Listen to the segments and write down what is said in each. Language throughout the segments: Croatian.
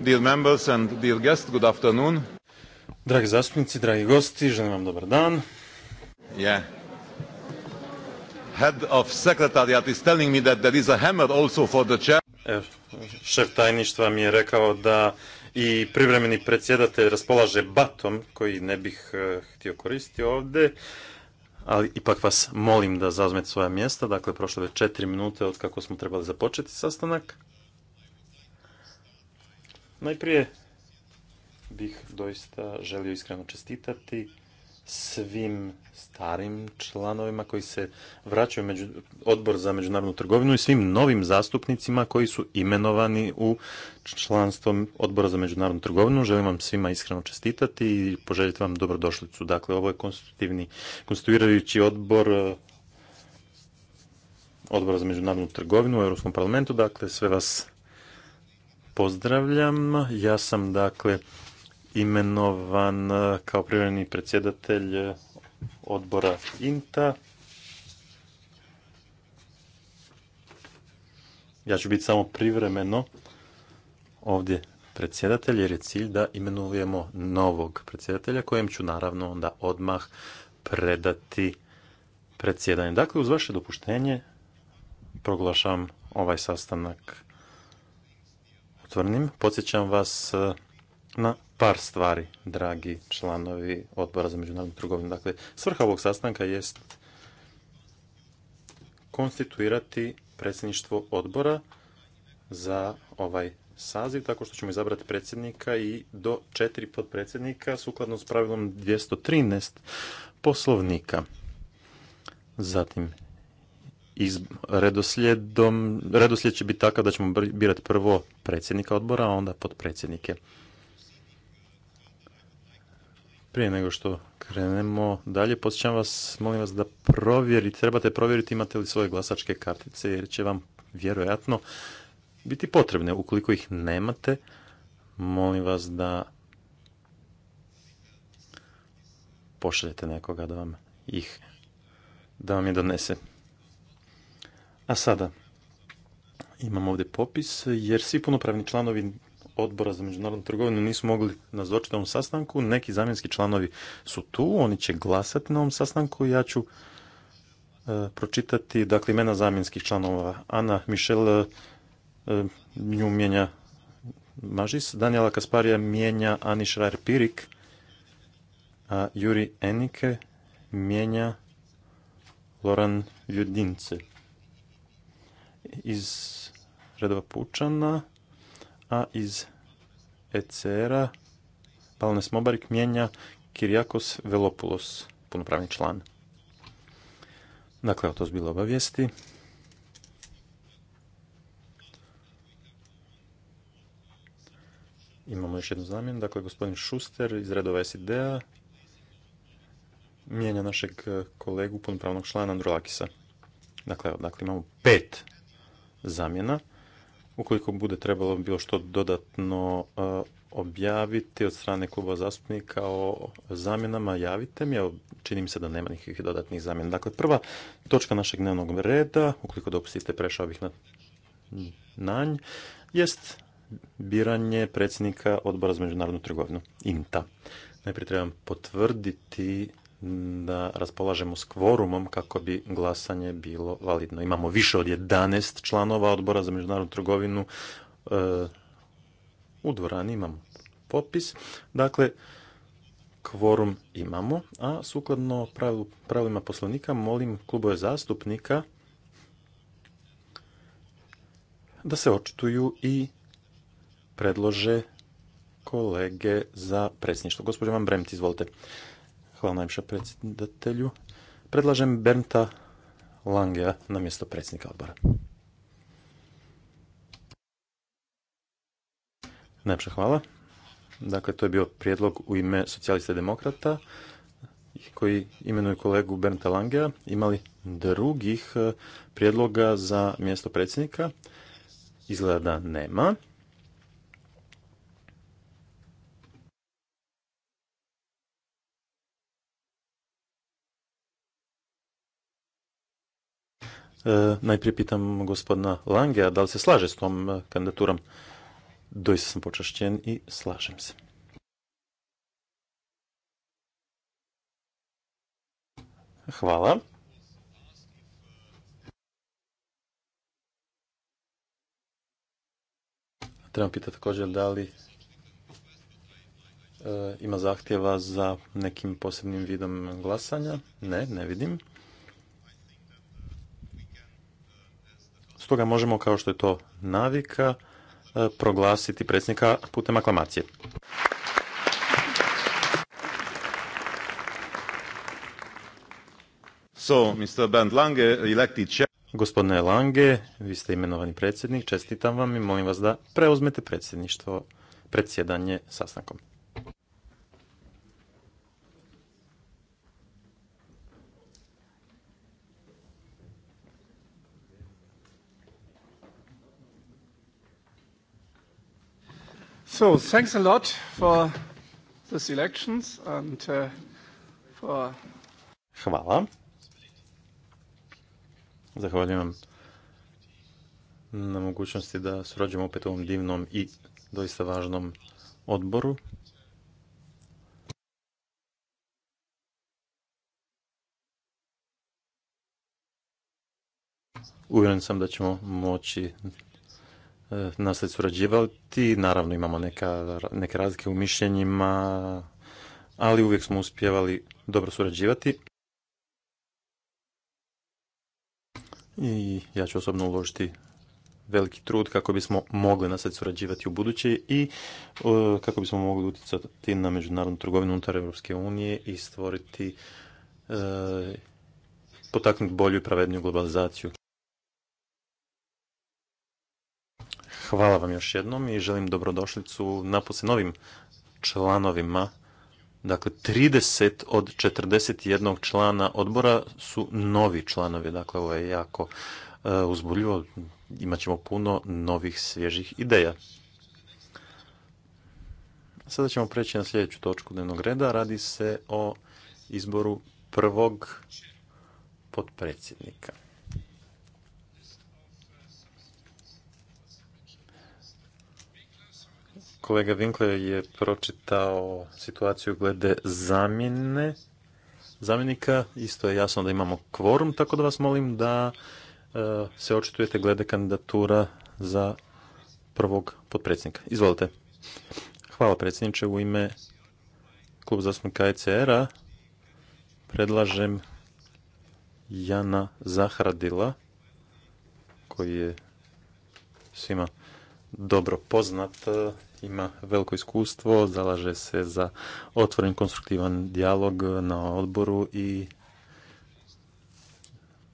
Dear members and dear guests, Dragi zastupnici, dragi gosti, želim vam dobar dan. Yeah. Head šef tajništva mi je rekao da i privremeni predsjedatelj raspolaže batom koji ne bih e, htio koristiti ovdje ali ipak vas molim da zauzmete svoja mjesta. Dakle, prošlo je četiri minute od kako smo trebali započeti sastanak. Najprije bih doista želio iskreno čestitati svim starim članovima koji se vraćaju među, odbor za međunarodnu trgovinu i svim novim zastupnicima koji su imenovani u članstvo odbora za međunarodnu trgovinu. Želim vam svima iskreno čestitati i poželjeti vam dobrodošlicu. Dakle, ovo je konstitutivni, konstituirajući odbor odbora za međunarodnu trgovinu u Europskom parlamentu. Dakle, sve vas pozdravljam. Ja sam dakle imenovan e, kao privremeni predsjedatelj e, odbora INTA. Ja ću biti samo privremeno ovdje predsjedatelj jer je cilj da imenujemo novog predsjedatelja kojem ću naravno onda odmah predati predsjedanje. Dakle, uz vaše dopuštenje proglašavam ovaj sastanak Podsjećam vas e, na par stvari, dragi članovi odbora za međunarodnu trgovinu. Dakle, svrha ovog sastanka jest konstituirati predsjedništvo odbora za ovaj saziv, tako što ćemo izabrati predsjednika i do četiri podpredsjednika sukladno s pravilom 213 poslovnika. Zatim iz, redoslijedom, redoslijed će biti takav da ćemo birati prvo predsjednika odbora, a onda potpredsjednike. Prije nego što krenemo dalje, posjećam vas, molim vas da provjerite, trebate provjeriti imate li svoje glasačke kartice, jer će vam vjerojatno biti potrebne. Ukoliko ih nemate, molim vas da pošaljete nekoga da vam ih da vam je donese. A sada imam ovdje popis, jer svi punopravni članovi odbora za međunarodnu trgovinu nisu mogli nazočiti na ovom sastanku. Neki zamjenski članovi su tu, oni će glasati na ovom sastanku. Ja ću e, pročitati dakle, imena zamjenskih članova. Ana Mišel e, nju mijenja Mažis, Daniela Kasparija mijenja Ani Šrajer-Pirik, a Juri Enike mijenja Loran Ljudince iz redova Pučana, a iz ECR-a Palnes Mobarik mijenja Kirijakos Velopulos, punopravni član. Dakle, o to su bilo obavijesti. Imamo još jednu zamjenu, dakle, gospodin Šuster iz redova SID-a mijenja našeg kolegu punopravnog člana Androlakisa. Dakle, dakle, imamo pet zamjena. Ukoliko bude trebalo bilo što dodatno eh, objaviti od strane kluba zastupnika o zamjenama, javite mi, čini mi se da nema nikakvih dodatnih zamjena. Dakle, prva točka našeg dnevnog reda, ukoliko dopustite, prešao bih na nanj, jest biranje predsjednika odbora za međunarodnu trgovinu, INTA. Najprije trebam potvrditi da raspolažemo s kvorumom kako bi glasanje bilo validno. Imamo više od 11 članova odbora za međunarodnu trgovinu e, u dvorani, imamo popis. Dakle, kvorum imamo, a sukladno pravilima poslovnika molim klubove zastupnika da se očituju i predlože kolege za predsjedništvo. Gospođo Van Bremt, izvolite. Hvala najviše predsjedatelju. Predlažem Bernta Langea na mjesto predsjednika odbora. Najpša hvala. Dakle, to je bio prijedlog u ime socijalista i demokrata koji imenuje kolegu Bernta Langea. Imali drugih eh, prijedloga za mjesto predsjednika? Izgleda da nema. E, najprije pitam gospodina Lange da li se slaže s tom e, kandidaturom. Doista sam počašćen i slažem se. Hvala. Trebam pitati također da li e, ima zahtjeva za nekim posebnim vidom glasanja? Ne, ne vidim. Stoga možemo, kao što je to navika, e, proglasiti predsjednika putem aklamacije. So, Mr. Bernd Lange, elected Gospodine Lange, vi ste imenovani predsjednik, čestitam vam i molim vas da preuzmete predsjedništvo, predsjedanje sastankom. So, thanks a lot for and uh, for... Hvala. Zahvaljujem na mogućnosti da surađujemo opet u ovom divnom i doista važnom odboru. Uvjeren sam da ćemo moći E, nastaviti surađivati. Naravno imamo neka, neke razlike u mišljenjima, ali uvijek smo uspjevali dobro surađivati. I ja ću osobno uložiti veliki trud kako bismo mogli nastaviti surađivati u buduće i e, kako bismo mogli utjecati na međunarodnu trgovinu unutar Europske unije i stvoriti e, potaknuti bolju i pravedniju globalizaciju. Hvala vam još jednom i želim dobrodošlicu napose novim članovima. Dakle, 30 od 41 člana odbora su novi članovi, dakle ovo je jako e, uzbuljivo. Imaćemo puno novih svježih ideja. Sada ćemo preći na sljedeću točku dnevnog reda, radi se o izboru prvog potpredsjednika. Kolega Vinkler je pročitao situaciju glede zamjene zamjenika. Isto je jasno da imamo kvorum, tako da vas molim da e, se očitujete glede kandidatura za prvog potpredsjednika. Izvolite. Hvala predsjedniče. U ime klub zastupnika ECR-a predlažem Jana Zahradila koji je svima dobro poznat e, ima veliko iskustvo, zalaže se za otvoren konstruktivan dijalog na odboru i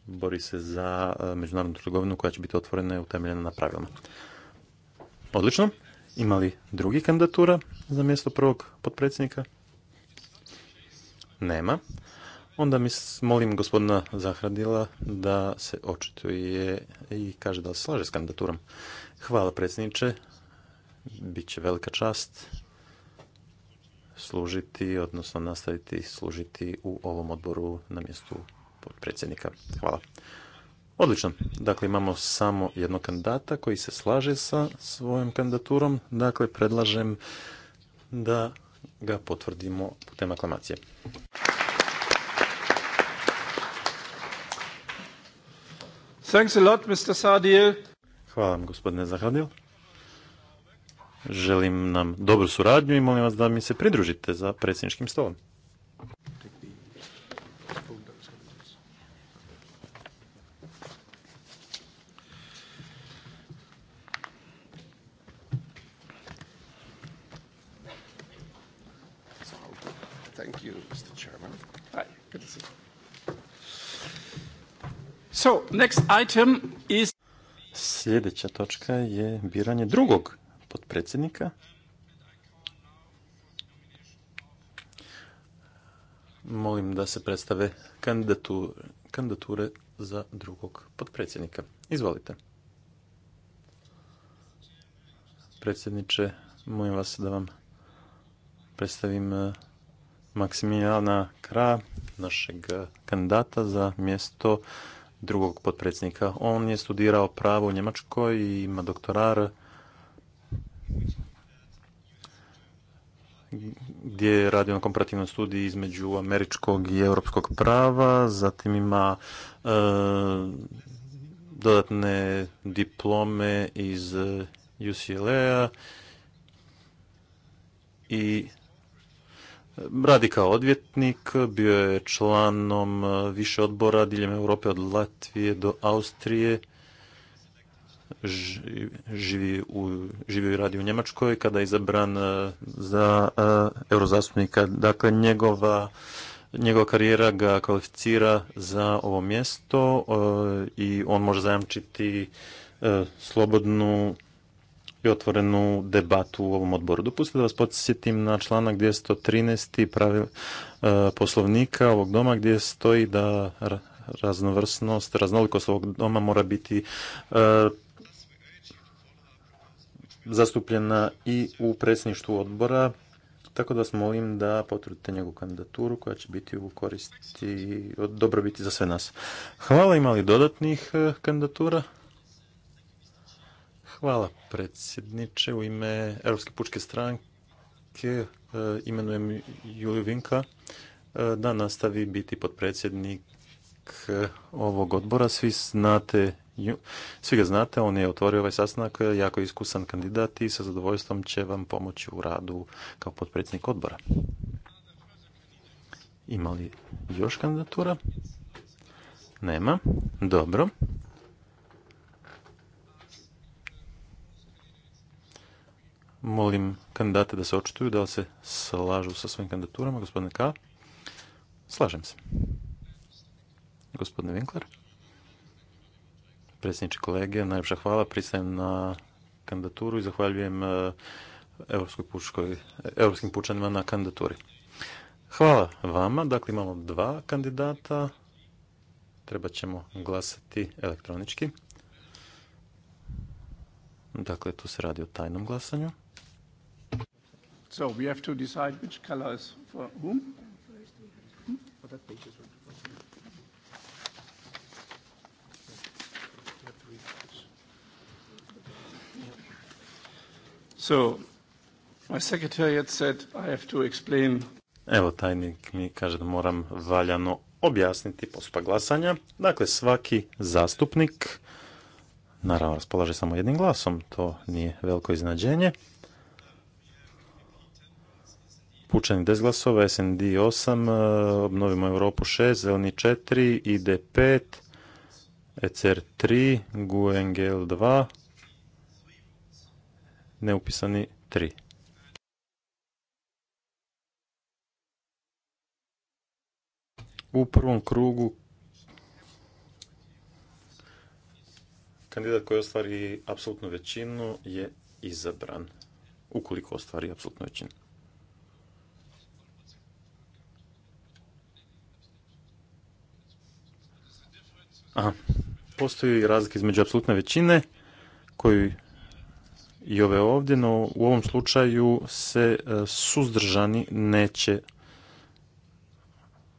bori se za e, međunarodnu trgovinu koja će biti otvorena i utemeljena na pravilima. Odlično. Ima li drugi kandidatura za mjesto prvog potpredsjednika? Nema. Onda mi molim gospodina Zahradila da se očituje i kaže da se slaže s kandidaturom. Hvala predsjedniče bit će velika čast služiti, odnosno nastaviti služiti u ovom odboru na mjestu predsjednika. Hvala. Odlično. Dakle, imamo samo jednog kandidata koji se slaže sa svojom kandidaturom. Dakle, predlažem da ga potvrdimo putem aklamacije. Hvala vam, gospodine Zahadil. Želim nam dobru suradnju i molim vas da mi se pridružite za predsjedničkim stolom. next item is... Sljedeća točka je biranje drugog potpredsjednika. Molim da se predstave kandidature za drugog potpredsjednika. Izvolite. Predsjedniče, molim vas da vam predstavim e, Maksimiljana Kra, našeg kandidata za mjesto drugog potpredsjednika. On je studirao pravo u Njemačkoj i ima doktorar gdje je radio na komparativnom studiji između američkog i europskog prava, zatim ima e, dodatne diplome iz UCLA-a i radi kao odvjetnik, bio je članom više odbora diljem Europe od Latvije do Austrije živi u, živi i radi u Njemačkoj kada je izabran e, za e, eurozastupnika. Dakle, njegova njegova karijera ga kvalificira za ovo mjesto e, i on može zajamčiti slobodnu i otvorenu debatu u ovom odboru. Dopustite da vas podsjetim na članak 213. trinaest poslovnika ovog doma gdje stoji da raznovrsnost, raznolikost ovog doma mora biti zastupljena i u predsjedništvu odbora, tako da vas molim da potvrdite njegovu kandidaturu koja će biti u koristi, od dobrobiti za sve nas. Hvala, ima li dodatnih e, kandidatura? Hvala predsjedniče. U ime Europske pučke stranke e, imenujem Juliju Vinka e, da nastavi biti potpredsjednik E, ovog odbora, svi znate svi ga znate, on je otvorio ovaj sastanak, e, jako iskusan kandidat i sa zadovoljstvom će vam pomoći u radu kao potpredsjednik odbora. Ima li još kandidatura? Nema. Dobro. Molim kandidate da se očituju, da li se slažu sa svojim kandidaturama. Gospodine K. Slažem se. Gospodine Winkler. Predsjedniče kolege, najljepša hvala. Pristajem na kandidaturu i zahvaljujem e, europskim pučanima na kandidaturi. Hvala vama. Dakle, imamo dva kandidata. Treba ćemo glasati elektronički. Dakle, tu se radi o tajnom glasanju. So we So, my secretariat said I have to explain. Evo, tajnik mi kaže da moram valjano objasniti postupak glasanja. Dakle, svaki zastupnik, naravno raspolaže samo jednim glasom, to nije veliko iznadženje. Pučani 10 glasova, SND 8, e, Obnovimo Europu 6, Zeleni 4, ID 5, ECR 3, GUNGL 2, neupisani tri. U prvom krugu kandidat koji ostvari apsolutnu većinu je izabran, ukoliko ostvari apsolutnu većinu. Aha, postoji razlika između apsolutne većine koju i ove ovdje, no u ovom slučaju se e, suzdržani neće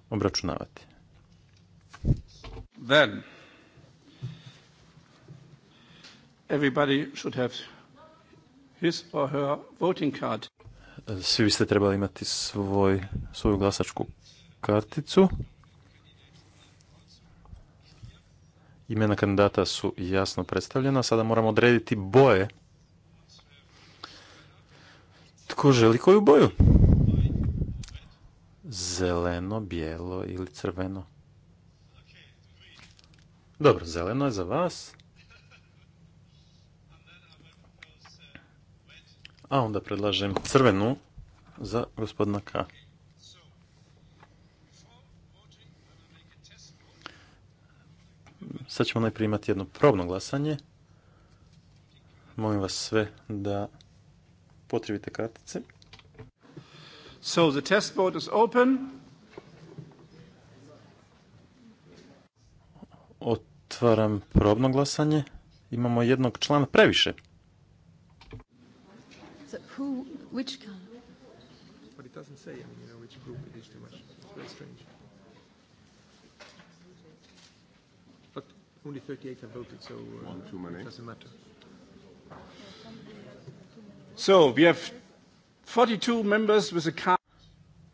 obračunavati. Then everybody should have his or her voting card. Svi biste trebali imati svoj, svoju glasačku karticu. Imena kandidata su jasno predstavljena. Sada moramo odrediti boje tko želi koju boju? Zeleno, bijelo ili crveno? Dobro, zeleno je za vas. A onda predlažem crvenu za gospodina K. Sad ćemo najprije imati jedno probno glasanje. Molim vas sve da potrebite kartice. So the test vote is open. Otvaram probno glasanje. Imamo jednog člana previše. So who, which But it doesn't say, I mean, you know, which group it is too much. It's very strange. But only 38 have voted, so uh, One too it doesn't matter.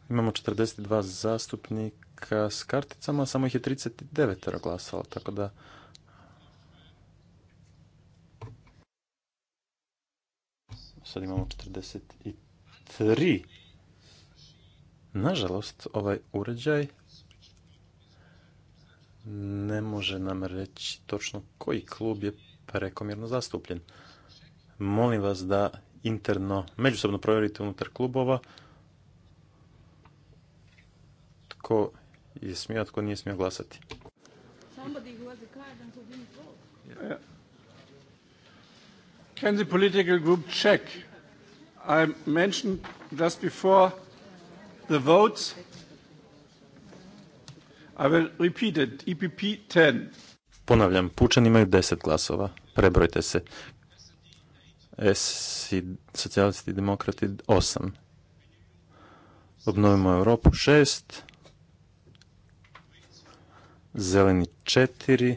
Imamo 42 zastupnika s karticama, samo ih je 39 glasalo, tako da... Sad imamo 43. Nažalost, ovaj uređaj ne može nam reći točno koji klub je prekomjerno zastupljen. Molim vas da interno, međusobno provjeriti unutar klubova tko je smio, tko nije smio glasati. Can the political group check? I mentioned just before the votes. I will repeat it. EPP 10. Ponavljam, pučani imaju 10 glasova. Prebrojte se. S i socijalisti i demokrati 8. Obnovimo Europu 6. Zeleni 4.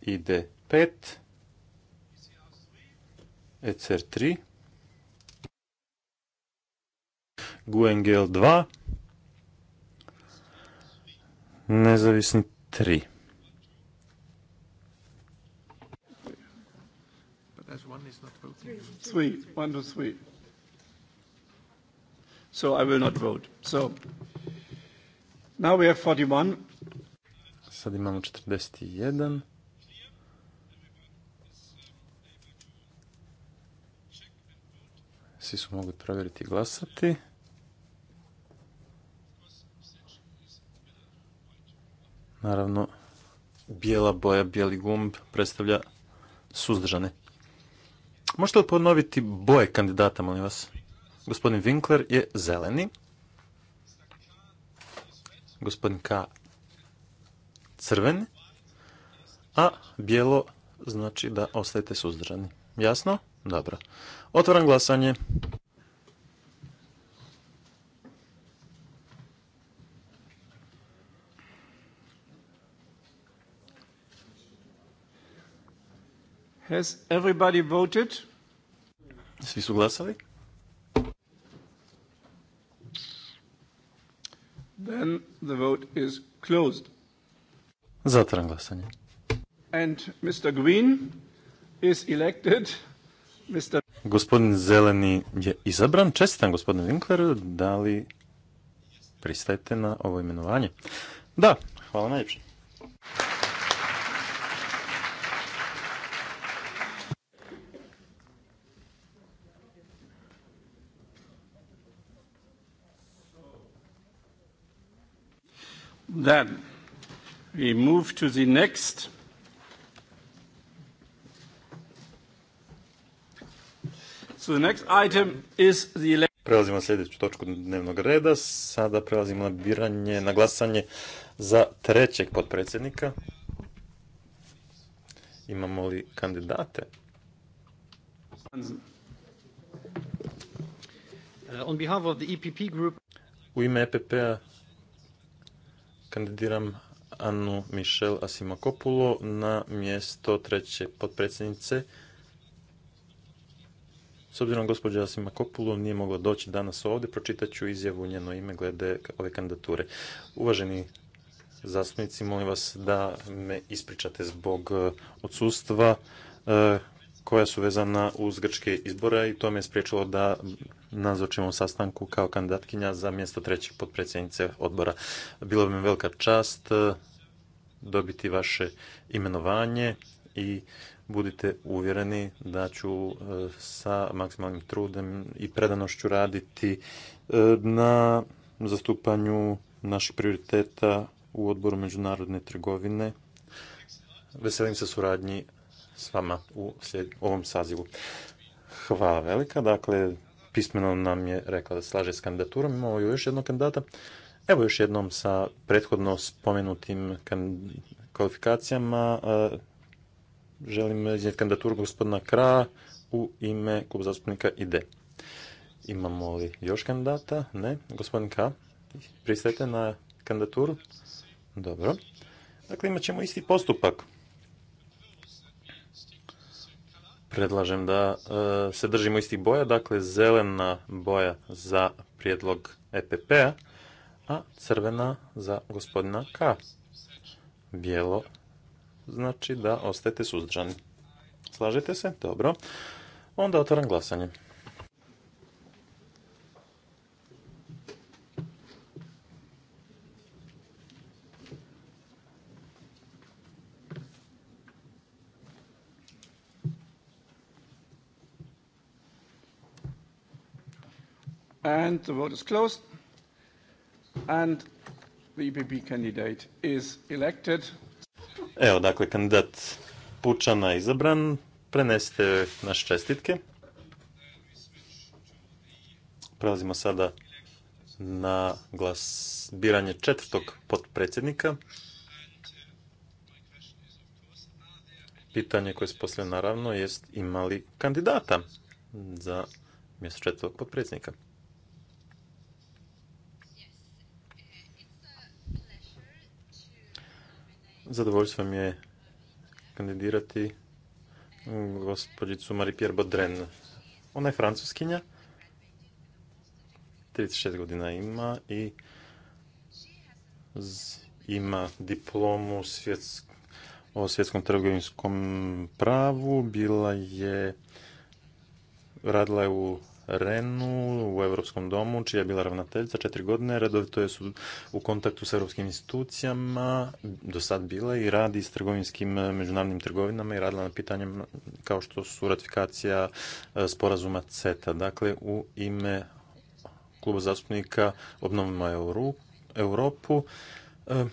ID 5. ECR 3. Guengel 2. Nezavisni 3. it's not voting. Three. three. One, two, three. So I will not vote. So now we have 41. Sad imamo 41. Svi su mogli provjeriti i glasati. Naravno, bijela boja, bijeli gumb predstavlja suzdržane. Možete li ponoviti boje kandidata, molim vas? Gospodin Winkler je zeleni. Gospodin K. crven. A bijelo znači da ostajete suzdržani. Jasno? Dobro. Otvaram glasanje. Has everybody voted? Svi su glasali? Then the vote is closed. glasanje. And Mr. Green is elected. Mr. Gospodin Zeleni je izabran. Čestitam gospodine Winkler, Da li pristajete na ovo imenovanje? Da, hvala najljepše. Then we move to the next. the next item is the Prelazimo na sljedeću točku dnevnog reda. Sada prelazimo na biranje, na glasanje za trećeg potpredsjednika. Imamo li kandidate? Uh, on behalf e U ime EPP-a kandidiram Anu Mišel Asimakopulo na mjesto treće potpredsjednice. S obzirom gospođa Asimakopulo nije mogla doći danas ovdje, pročitat ću izjavu u njeno ime glede ove kandidature. Uvaženi zastupnici, molim vas da me ispričate zbog odsustva e, koja su vezana uz grčke izbore i to me je spriječilo da nazočimo sastanku kao kandidatkinja za mjesto trećeg podpredsjednice odbora. Bilo bi mi velika čast e, dobiti vaše imenovanje i budite uvjereni da ću e, sa maksimalnim trudem i predanošću raditi e, na zastupanju naših prioriteta u odboru međunarodne trgovine. Veselim se suradnji s vama u ovom sazivu. Hvala velika. Dakle, pismeno nam je rekla da slaže s kandidaturom. Imamo još jednog kandidata. Evo još jednom sa prethodno spomenutim kvalifikacijama. Želim iznijeti kandidaturu gospodina Kra u ime klub zastupnika IDE. Imamo li još kandidata? Ne. Gospodin K. Pristajte na kandidaturu? Dobro. Dakle, imat ćemo isti postupak. predlažem da e, se držimo istih boja, dakle zelena boja za prijedlog EPP-a, a crvena za gospodina K. Bijelo znači da ostajete suzdržani. Slažete se? Dobro. Onda otvaram glasanje. And the closed. And the e candidate is elected. Evo, dakle, kandidat Pučana izabran. Prenesite naše čestitke. Prelazimo sada na glas biranje četvrtog potpredsjednika. Pitanje koje se poslije naravno jest imali kandidata za mjesto četvrtog potpredsjednika. Zadovoljstvo mi je kandidirati gospođicu Marie-Pierre Baudren. Ona je francuskinja, 36 godina ima i ima diplomu o svjetskom trgovinskom pravu. Bila je, radila je u Renu u Europskom domu, čija je bila ravnateljica četiri godine, redovito je su u kontaktu s europskim institucijama, do sad bila i radi s trgovinskim e, međunarodnim trgovinama i radila na pitanjem kao što su ratifikacija e, sporazuma CETA. Dakle, u ime kluba zastupnika Obnovimo Europu, e,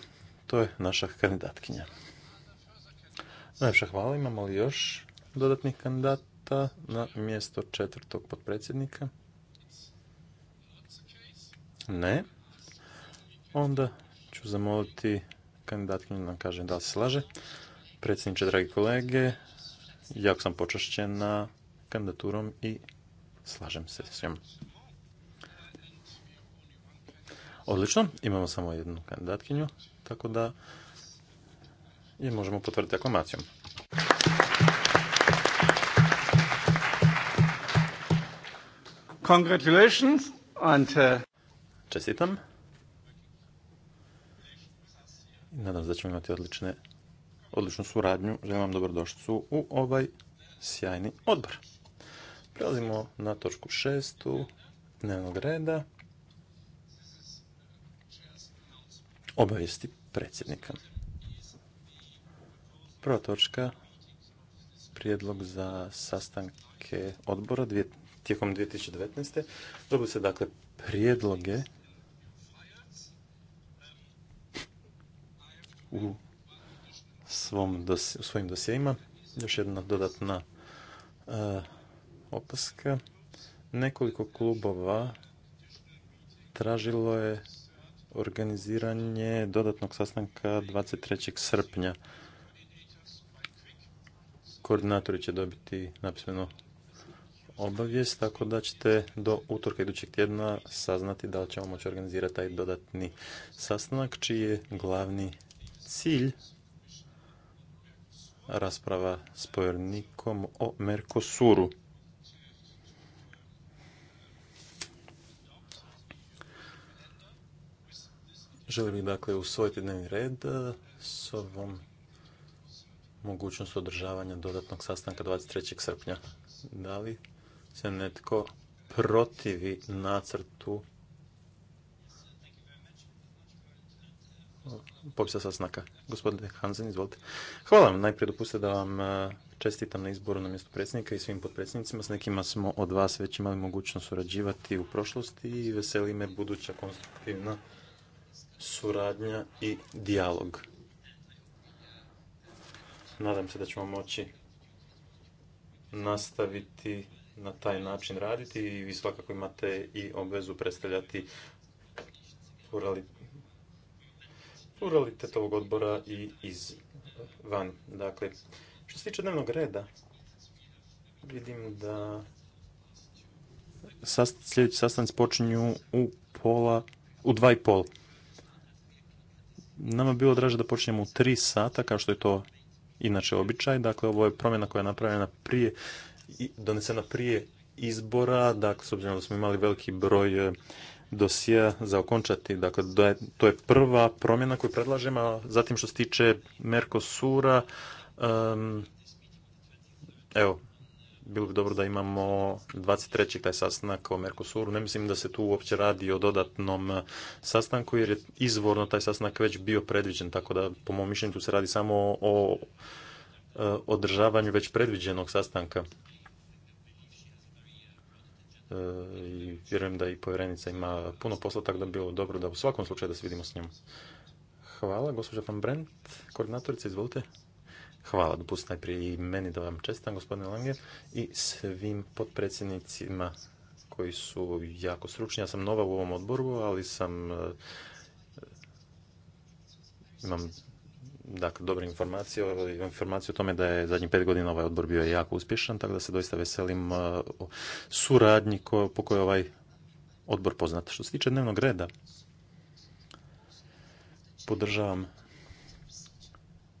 to je naša kandidatkinja. Najpša hvala, imamo li još dodatnih kandidata? na mjesto četvrtog potpredsjednika? Ne. Onda ću zamoliti kandidatkinju da nam kaže da se slaže. Predsjedniče, dragi kolege, jako sam na kandidaturom i slažem se s Odlično, imamo samo jednu kandidatkinju, tako da je možemo potvrditi aklamacijom. Congratulations uh, Čestitam. Nadam se da ćemo imati odlične, odličnu suradnju. Želim vam dobrodošlicu u ovaj sjajni odbor. Prelazimo na točku šestu dnevnog reda. Obavijesti predsjednika. Prva točka, prijedlog za sastanke odbora tijekom 2019. Dobili se dakle prijedloge u, svom u svojim dosjeima. Još jedna dodatna e, opaska. Nekoliko klubova tražilo je organiziranje dodatnog sastanka 23. srpnja. Koordinatori će dobiti napismeno obavijest, tako da ćete do utorka idućeg tjedna saznati da li ćemo moći organizirati taj dodatni sastanak, čiji je glavni cilj rasprava s povjernikom o Mercosuru. Želim bih dakle usvojiti dnevni red eh, s ovom mogućnost održavanja dodatnog sastanka 23. srpnja. Da li se netko protivi nacrtu popisa znaka. Gospodine Hansen, izvolite. Hvala vam. Najprije dopustite da vam e, čestitam na izboru na mjestu predsjednika i svim potpredsjednicima. S nekima smo od vas već imali mogućnost surađivati u prošlosti i veseli me buduća konstruktivna suradnja i dijalog. Nadam se da ćemo moći nastaviti na taj način raditi i vi svakako imate i obvezu predstavljati pluralitet ovog odbora i iz van. Dakle, što se tiče dnevnog reda, vidim da sljedeći sastanci počinju u pola, u dva i pol. Nama bi bilo draže da počinjemo u tri sata, kao što je to inače običaj. Dakle, ovo je promjena koja je napravljena prije donesena prije izbora, dakle, s obzirom da smo imali veliki broj e, dosija za okončati. Dakle, to je prva promjena koju predlažem, a zatim što se tiče Mercosura, evo, bilo bi dobro da imamo 23. taj sastanak o Mercosuru. Ne mislim da se tu uopće radi o dodatnom e, sastanku, jer je izvorno taj sastanak već bio predviđen, tako da po mom mišljenju tu se radi samo o e, održavanju već predviđenog sastanka. E, i vjerujem da i povjerenica ima puno posla, tako da bi bilo dobro da u svakom slučaju da se vidimo s njom. Hvala, gospođa Van Brent, koordinatorica, izvolite. Hvala, dopustite najprije i meni da vam čestam, gospodine Lange, i svim potpredsjednicima koji su jako stručni. Ja sam nova u ovom odboru, ali sam e, imam dakle, dobre informacije, informacije o tome da je zadnjih pet godina ovaj odbor bio jako uspješan, tako da se doista veselim uh, suradnji po kojoj ovaj odbor poznat. Što se tiče dnevnog reda, podržavam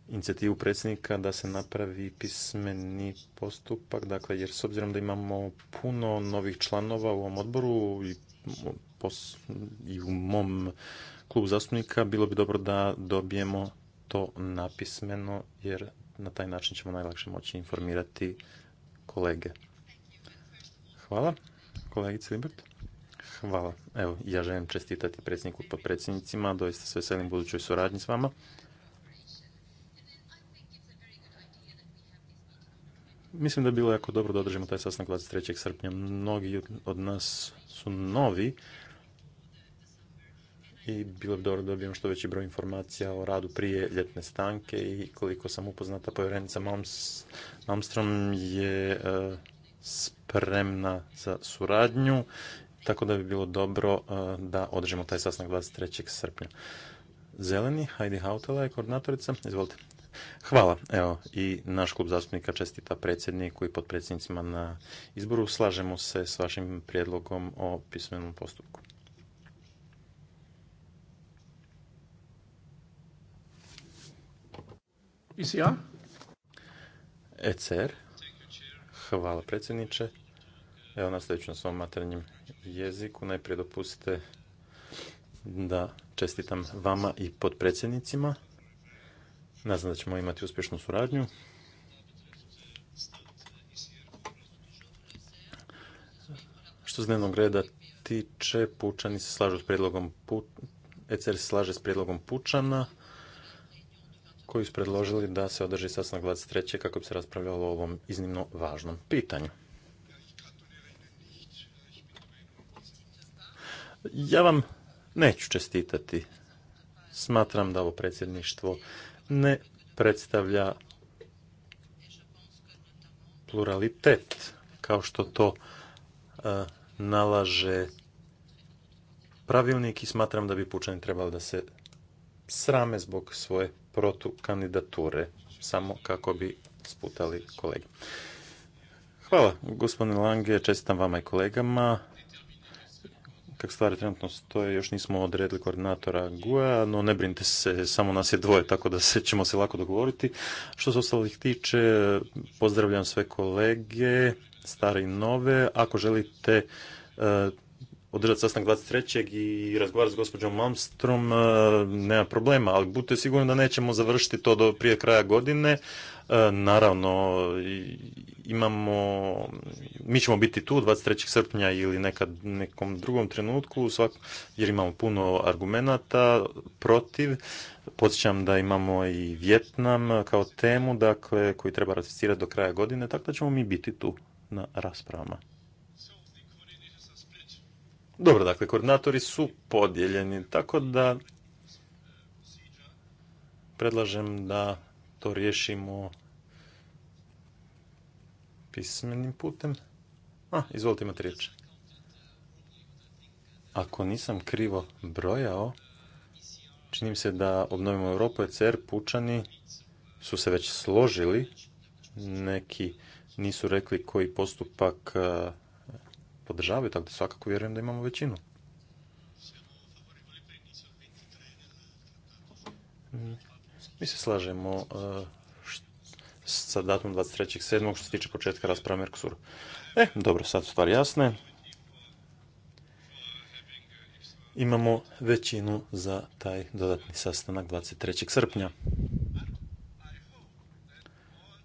inicijativu predsjednika da se napravi pismeni postupak, dakle, jer s obzirom da imamo puno novih članova u ovom odboru i, i u mom klubu zastupnika, bilo bi dobro da dobijemo to napismeno jer na taj način ćemo najlakše moći informirati kolege. Hvala, kolegice Libert. Hvala. Evo, ja želim čestitati predsjedniku i predsjednicima doista s veselim budućoj suradnji s vama. Mislim da je bilo jako dobro da održimo taj sastanak 23. srpnja. Mnogi od nas su novi, i bilo bi dobro da dobijemo što veći broj informacija o radu prije ljetne stanke i koliko sam upoznata povjerenica Malmstrom je e, spremna za suradnju, tako da bi bilo dobro e, da održimo taj sastanak 23. srpnja. Zeleni, Heidi Hautala je koordinatorica, izvolite. Hvala. Evo, i naš klub zastupnika čestita predsjedniku i potpredsjednicima na izboru. Slažemo se s vašim prijedlogom o pismenom postupku. ECR. E Hvala predsjedniče. Evo nastavit ću na svom maternjem jeziku. Najprije dopustite da čestitam vama i podpredsjednicima. Naznam da ćemo imati uspješnu suradnju. Što s dnevnog reda tiče, pučani se slažu s prijedlogom ECR se slaže s prijedlogom pučana koji su predložili da se održi sastanak 23. kako bi se raspravljalo o ovom iznimno važnom pitanju. Ja vam neću čestitati. Smatram da ovo predsjedništvo ne predstavlja pluralitet kao što to e, nalaže pravilnik i smatram da bi pučani trebali da se srame zbog svoje protukandidature, samo kako bi sputali kolege. Hvala, gospodine Lange, čestitam vama i kolegama. Kako stvari trenutno stoje, još nismo odredili koordinatora GUA, no ne brinite se, samo nas je dvoje, tako da ćemo se lako dogovoriti. Što se ostalih tiče, pozdravljam sve kolege, stare i nove. Ako želite e, održati sastanak 23. i razgovarati s gospođom Malmstrom, e, nema problema, ali budite sigurni da nećemo završiti to do prije kraja godine. E, naravno, imamo, mi ćemo biti tu 23. srpnja ili nekad nekom drugom trenutku, svak, jer imamo puno argumenata protiv. Podsjećam da imamo i Vjetnam kao temu, dakle, koji treba ratificirati do kraja godine, tako da ćemo mi biti tu na raspravama. Dobro, dakle, koordinatori su podijeljeni, tako da predlažem da to riješimo pismenim putem. A, izvolite imati riječ. Ako nisam krivo brojao, čini se da obnovimo Europu, ECR, Pučani su se već složili, neki nisu rekli koji postupak podržavaju, tako da svakako vjerujem da imamo većinu. Mm. Mi se slažemo uh, sa datum 23.7. što se tiče početka rasprave Merkosuru. E, dobro, sad su stvari jasne. Imamo većinu za taj dodatni sastanak 23. srpnja.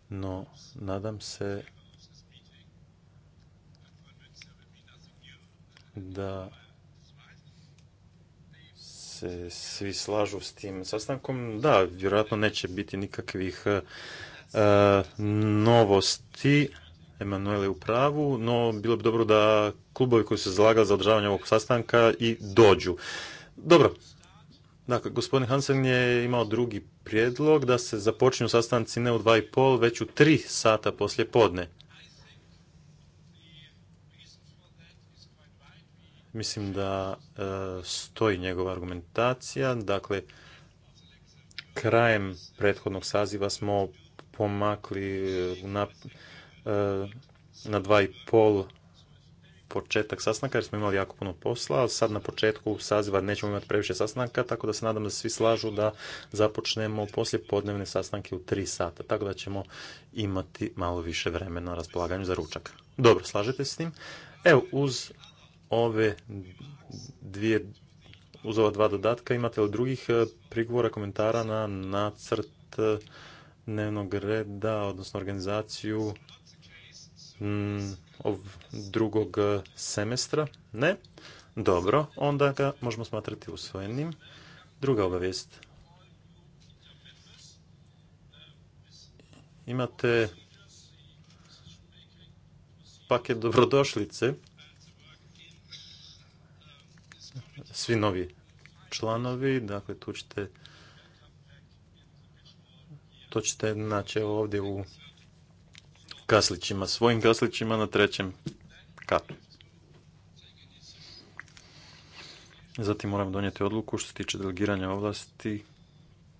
No, nadam se da se svi slažu s tim sastankom. Da, vjerojatno neće biti nikakvih e, e, novosti. Emanuele u pravu, no bilo bi dobro da klubovi koji se zalagali za održavanje ovog sastanka i dođu. Dobro, Dakle, gospodin Hansen je imao drugi prijedlog da se započinju sastanci ne u dva i pol, već u tri sata poslije podne. Mislim da e, stoji njegova argumentacija. Dakle, krajem prethodnog saziva smo pomakli e, na, e, na dva i pol početak sastanka jer smo imali jako puno posla, sad na početku saziva nećemo imati previše sastanaka, tako da se nadam da svi slažu da započnemo poslije podnevne sastanke u tri sata, tako da ćemo imati malo više vremena na raspolaganju za ručak. Dobro, slažete se s tim? Evo, uz ove dvije, uz ova dva dodatka, imate li drugih e, prigovora, komentara na nacrt e, dnevnog reda, odnosno organizaciju mm, drugog e, semestra? Ne? Dobro, onda ga možemo smatrati usvojenim. Druga obavijest. Imate paket dobrodošlice svi novi članovi, dakle tu ćete to ćete naći ovdje u kaslićima, svojim kaslićima na trećem katu. Zatim moram donijeti odluku što se tiče delegiranja ovlasti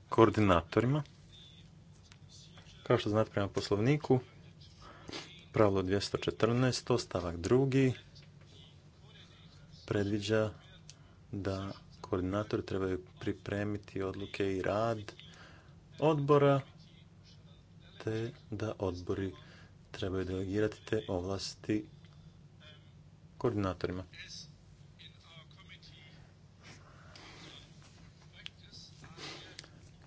koordinatorima. Kao što znate prema poslovniku, pravilo 214, stavak drugi predviđa da koordinatori trebaju pripremiti odluke i rad odbora, te da odbori trebaju delegirati te ovlasti koordinatorima.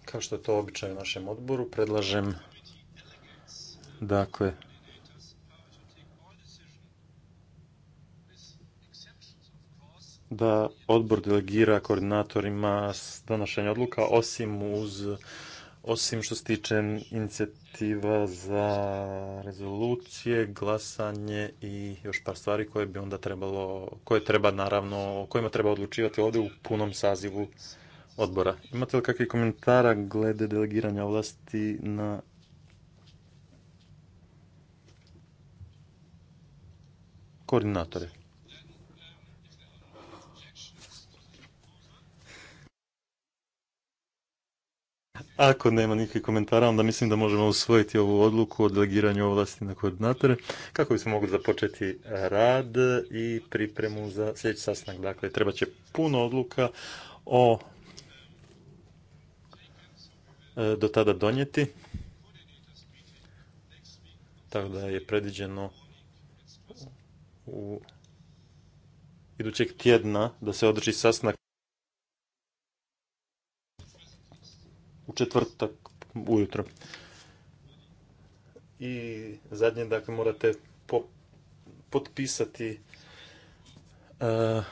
Kao što je to običaj u našem odboru, predlažem dakle da odbor delegira koordinatorima donošenja odluka osim uz osim što se tiče inicijativa za rezolucije, glasanje i još par stvari koje bi onda trebalo, koje treba naravno, o kojima treba odlučivati ovdje u punom sazivu odbora. Imate li kakvih komentara glede delegiranja vlasti na koordinatore? Ako nema nikakvih komentara, onda mislim da možemo usvojiti ovu odluku o delegiranju ovlasti na koordinatore, kako bismo mogli započeti rad i pripremu za sljedeći sastanak. Dakle, treba će puno odluka o e, do tada donijeti. Tako da je predviđeno u idućeg tjedna da se održi sastanak četvrtak ujutro. I zadnje, dakle, morate potpisati uh,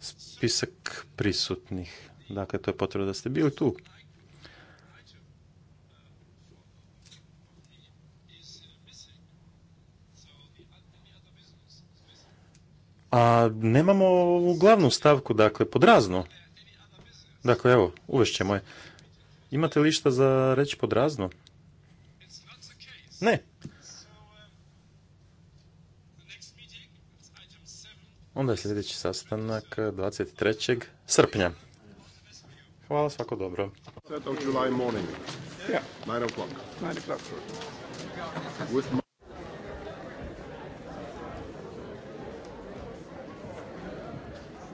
spisak prisutnih. Dakle, to je potrebno da ste bili tu. A nemamo glavnu stavku, dakle, podrazno. Dakle, evo, uvešćemo je. Imate li šta za reći pod razno? Ne. Onda je sljedeći sastanak 23. srpnja. Hvala, svako dobro.